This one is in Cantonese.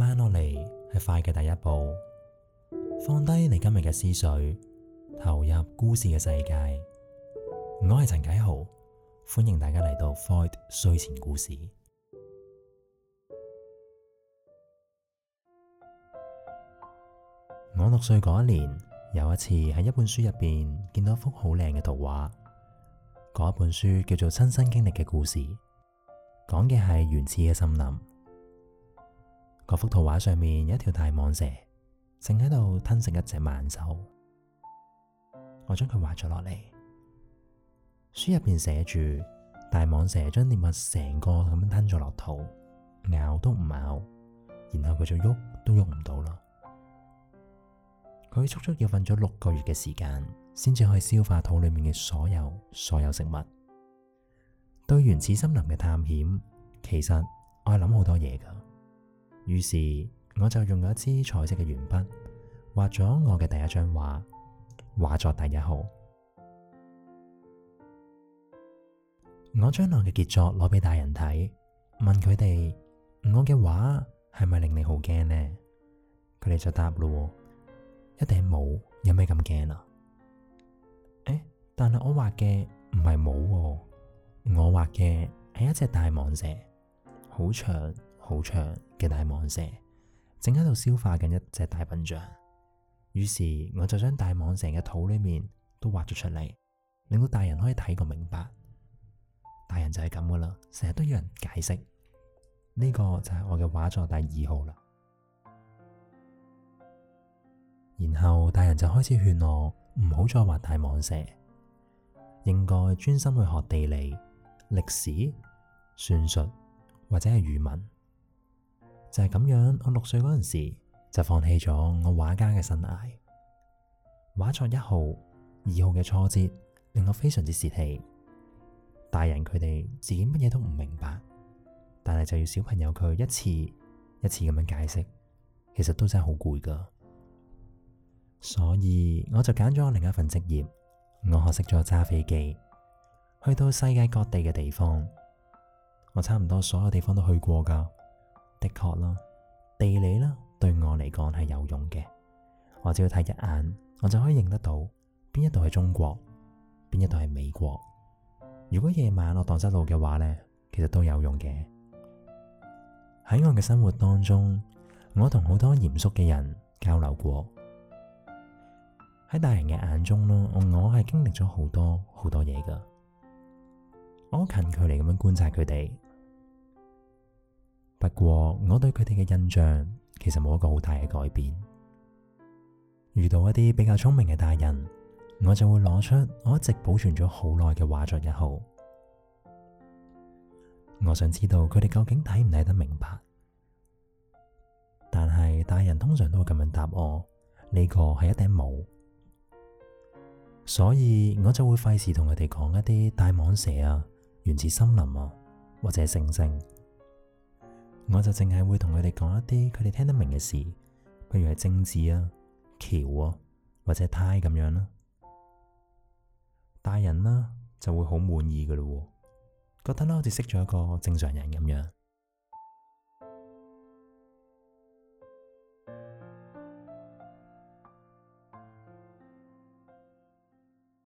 慢落嚟係快嘅第一步，放低你今日嘅思緒，投入故事嘅世界。我係陳棨豪，歡迎大家嚟到 Floyd 睡前故事。我六歲嗰一年，有一次喺一本書入邊見到一幅好靚嘅圖畫，嗰一本書叫做《親身經歷嘅故事》，講嘅係原始嘅森林。嗰幅圖畫上面有一條大蟒蛇，正喺度吞食一隻猛獸。我將佢畫咗落嚟，書入邊寫住大蟒蛇將獵物成個咁樣吞咗落肚，咬都唔咬，然後佢就喐都喐唔到啦。佢足足要瞓咗六個月嘅時間，先至可以消化肚裏面嘅所有所有食物。對原始森林嘅探險，其實我係諗好多嘢噶。於是我就用咗一支彩色嘅鉛筆畫咗我嘅第一張畫，畫作第一號。我將我嘅傑作攞俾大人睇，問佢哋：我嘅畫係咪令你好驚呢？佢哋就答咯，一頂帽有咩咁驚啊？誒，但係我畫嘅唔係帽，我畫嘅係一隻大蟒蛇，好長。好長嘅大蟒蛇，正喺度消化緊一隻大笨象。於是我就將大蟒蛇嘅肚裏面都畫咗出嚟，令到大人可以睇個明白。大人就係咁噶啦，成日都有人解釋。呢個就係我嘅畫作第二號啦。然後大人就開始勸我唔好再畫大蟒蛇，應該專心去學地理、歷史、算術或者係語文。就係咁樣，我六歲嗰陣時就放棄咗我畫家嘅生涯。畫作一號、二號嘅挫折令我非常之泄氣。大人佢哋自己乜嘢都唔明白，但係就要小朋友佢一次一次咁樣解釋，其實都真係好攰噶。所以我就揀咗我另一份職業，我學識咗揸飛機，去到世界各地嘅地方，我差唔多所有地方都去過噶。的確啦，地理啦，對我嚟講係有用嘅。我只要睇一眼，我就可以認得到邊一度係中國，邊一度係美國。如果夜晚落蕩失路嘅話呢，其實都有用嘅。喺我嘅生活當中，我同好多嚴肅嘅人交流過。喺大人嘅眼中咯，我係經歷咗好多好多嘢㗎。我近距離咁樣觀察佢哋。不過我對佢哋嘅印象其實冇一個好大嘅改變。遇到一啲比較聰明嘅大人，我就會攞出我一直保存咗好耐嘅畫作一號，我想知道佢哋究竟睇唔睇得明白。但係大人通常都會咁樣答我：呢個係一頂帽。所以我就會費事同佢哋講一啲大蟒蛇啊，源自森林啊，或者星星。」我就淨係會同佢哋講一啲佢哋聽得明嘅事，譬如係政治啊、橋啊，或者係呔咁樣啦。大人啦、啊、就會好滿意㗎喇喎，覺得啦好似識咗一個正常人咁樣。